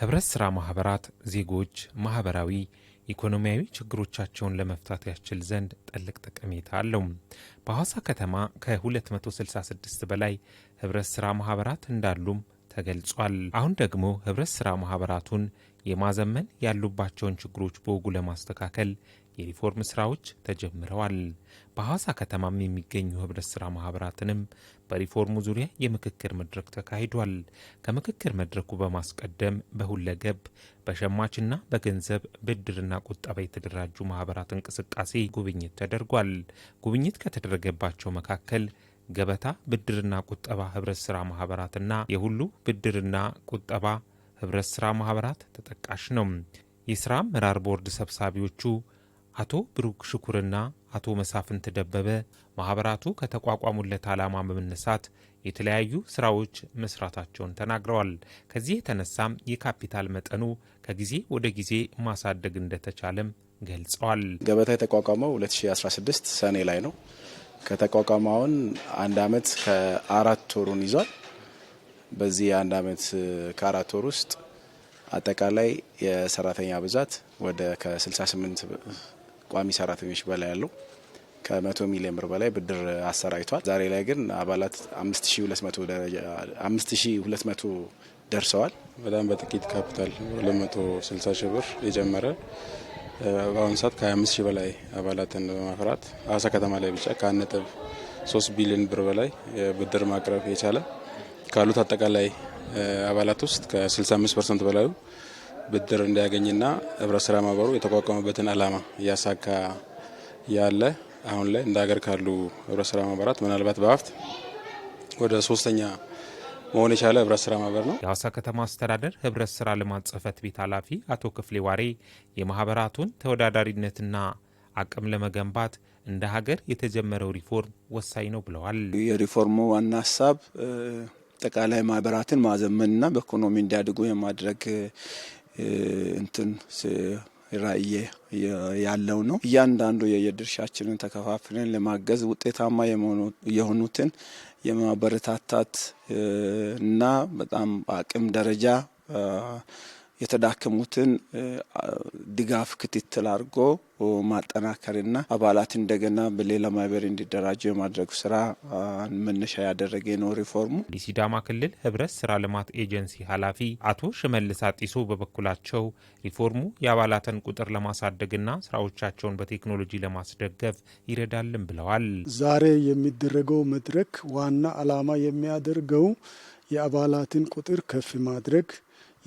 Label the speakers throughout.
Speaker 1: ህብረት ሥራ ማኅበራት ዜጎች ማኅበራዊ፣ ኢኮኖሚያዊ ችግሮቻቸውን ለመፍታት ያስችል ዘንድ ጥልቅ ጠቀሜታ አለው። በሐዋሳ ከተማ ከ266 በላይ ህብረት ሥራ ማኅበራት እንዳሉም ተገልጿል። አሁን ደግሞ ህብረት ሥራ ማኅበራቱን የማዘመን ያሉባቸውን ችግሮች በወጉ ለማስተካከል የሪፎርም ስራዎች ተጀምረዋል። በሐዋሳ ከተማም የሚገኙ ህብረት ሥራ ማኅበራትንም በሪፎርሙ ዙሪያ የምክክር መድረክ ተካሂዷል። ከምክክር መድረኩ በማስቀደም በሁለገብ በሸማችና በገንዘብ ብድርና ቁጠባ የተደራጁ ማኅበራት እንቅስቃሴ ጉብኝት ተደርጓል። ጉብኝት ከተደረገባቸው መካከል ገበታ ብድርና ቁጠባ ህብረት ስራ ማህበራትና የሁሉ ብድርና ቁጠባ ህብረት ስራ ማህበራት ተጠቃሽ ነው። የስራ አመራር ቦርድ ሰብሳቢዎቹ አቶ ብሩክ ሽኩርና አቶ መሳፍንት ደበበ ማህበራቱ ከተቋቋሙለት ዓላማ በመነሳት የተለያዩ ስራዎች መስራታቸውን ተናግረዋል። ከዚህ የተነሳም የካፒታል መጠኑ ከጊዜ ወደ ጊዜ ማሳደግ እንደተቻለም ገልጸዋል።
Speaker 2: ገበታ የተቋቋመው 2016 ሰኔ ላይ ነው። ከተቋቋመ አሁን አንድ አመት ከአራት ወሩን ይዟል። በዚህ አንድ አመት ከአራት ወር ውስጥ አጠቃላይ የሰራተኛ ብዛት ወደ ከ68 ቋሚ ሰራተኞች በላይ ያለው ከመቶ ሚሊዮን ብር በላይ ብድር አሰራጭቷል። ዛሬ ላይ ግን አባላት 5200 ደርሰዋል። በጣም በጥቂት ካፒታል 260 ሺህ ብር የጀመረ በአሁኑ ሰዓት ከ25 ሺህ በላይ አባላትን በማፍራት ሀዋሳ ከተማ ላይ ብቻ ከ1 ነጥብ 3 ቢሊዮን ብር በላይ ብድር ማቅረብ የቻለ ካሉት አጠቃላይ አባላት ውስጥ ከ65 ፐርሰንት በላዩ ብድር እንዲያገኝና ህብረት ስራ ማህበሩ የተቋቋመበትን አላማ እያሳካ ያለ አሁን ላይ እንደ ሀገር ካሉ ህብረት ስራ ማህበራት ምናልባት በሀብት ወደ ሶስተኛ መሆን የቻለ ህብረት ስራ ማህበር ነው።
Speaker 1: የሀዋሳ ከተማ አስተዳደር ህብረት ስራ ልማት ጽህፈት ቤት ኃላፊ አቶ ክፍሌ ዋሬ የማህበራቱን ተወዳዳሪነትና አቅም ለመገንባት እንደ ሀገር የተጀመረው ሪፎርም ወሳኝ ነው ብለዋል።
Speaker 3: የሪፎርሙ ዋና ሀሳብ አጠቃላይ ማህበራትን ማዘመንና በኢኮኖሚ እንዲያድጉ የማድረግ እንትን ራዕይ ያለው ነው። እያንዳንዱ የየድርሻችንን ተከፋፍለን ለማገዝ ውጤታማ የሆኑትን የማበረታታት እና በጣም በአቅም ደረጃ የተዳከሙትን ድጋፍ ክትትል አድርጎ ማጠናከርና አባላት እንደገና በሌላ ማህበር እንዲደራጁ የማድረግ ስራ መነሻ ያደረገ ነው ሪፎርሙ።
Speaker 1: የሲዳማ ክልል ህብረት ስራ ልማት ኤጀንሲ ኃላፊ አቶ ሽመልስ አጢሶ በበኩላቸው ሪፎርሙ የአባላትን ቁጥር ለማሳደግና ስራዎቻቸውን በቴክኖሎጂ ለማስደገፍ ይረዳልን ብለዋል።
Speaker 4: ዛሬ የሚደረገው መድረክ ዋና ዓላማ የሚያደርገው የአባላትን ቁጥር ከፍ ማድረግ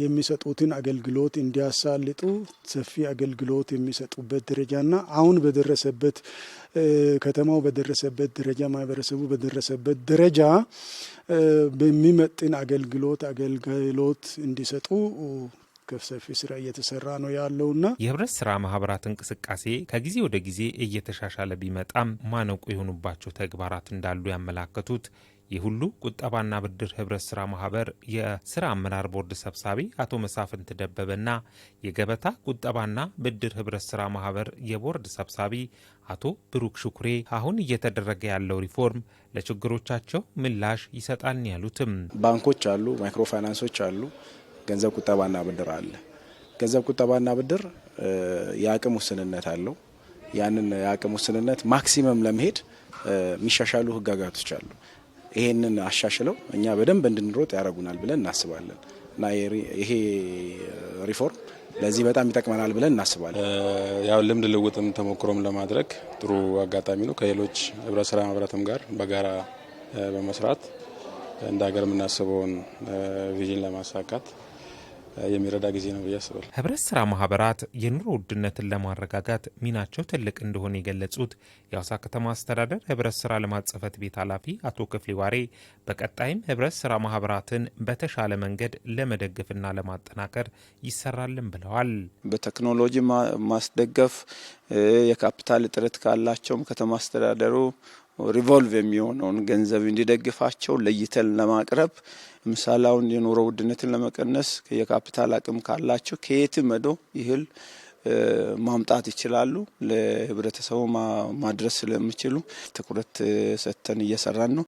Speaker 4: የሚሰጡትን አገልግሎት እንዲያሳልጡ ሰፊ አገልግሎት የሚሰጡበት ደረጃና አሁን በደረሰበት ከተማው በደረሰበት ደረጃ ማህበረሰቡ በደረሰበት ደረጃ በሚመጥን አገልግሎት አገልግሎት እንዲሰጡ ከሰፊ ስራ እየተሰራ ነው ያለውና
Speaker 1: የህብረት ስራ ማህበራት እንቅስቃሴ ከጊዜ ወደ ጊዜ እየተሻሻለ ቢመጣም ማነቁ የሆኑባቸው ተግባራት እንዳሉ ያመላከቱት ይህ ሁሉ ቁጠባና ብድር ህብረት ስራ ማህበር የስራ አመራር ቦርድ ሰብሳቢ አቶ መሳፍንት ደበበና የገበታ ቁጠባና ብድር ህብረት ስራ ማህበር የቦርድ ሰብሳቢ አቶ ብሩክ ሹኩሬ አሁን እየተደረገ ያለው ሪፎርም ለችግሮቻቸው ምላሽ ይሰጣል ያሉትም
Speaker 5: ባንኮች አሉ፣ ማይክሮ ፋይናንሶች አሉ፣ ገንዘብ ቁጠባና ብድር አለ። ገንዘብ ቁጠባና ብድር የአቅም ውስንነት አለው። ያንን የአቅም ውስንነት ማክሲመም ለመሄድ የሚሻሻሉ ህጋጋቶች አሉ። ይሄንን አሻሽለው እኛ በደንብ እንድንሮጥ ያደርጉናል ብለን እናስባለን እና ይሄ ሪፎርም ለዚህ በጣም ይጠቅመናል ብለን እናስባለን።
Speaker 2: ያው ልምድ ልውጥም ተሞክሮም ለማድረግ ጥሩ አጋጣሚ ነው። ከሌሎች ህብረት ስራ ማህበራትም ጋር በጋራ በመስራት እንደ ሀገር የምናስበውን ቪዥን ለማሳካት የሚረዳ ጊዜ ነው ብዬ አስባለሁ።
Speaker 1: ህብረት ስራ ማህበራት የኑሮ ውድነትን ለማረጋጋት ሚናቸው ትልቅ እንደሆነ የገለጹት የአዋሳ ከተማ አስተዳደር ህብረት ስራ ልማት ቤት ኃላፊ አቶ ክፍሌ ዋሬ በቀጣይም ህብረት ስራ ማህበራትን በተሻለ መንገድ ለመደገፍና ለማጠናከር ይሰራልን ብለዋል።
Speaker 6: በቴክኖሎጂ ማስደገፍ የካፒታል እጥረት ካላቸውም ከተማ አስተዳደሩ ሪቮልቭ የሚሆነውን ገንዘብ እንዲደግፋቸው ለይተን ለማቅረብ አሁን የኑሮ ውድነትን ለመቀነስ የካፒታል አቅም ካላቸው ከየት መዶ ይህል ማምጣት ይችላሉ። ለህብረተሰቡ ማድረስ ስለሚችሉ ትኩረት ሰጥተን እየሰራን ነው።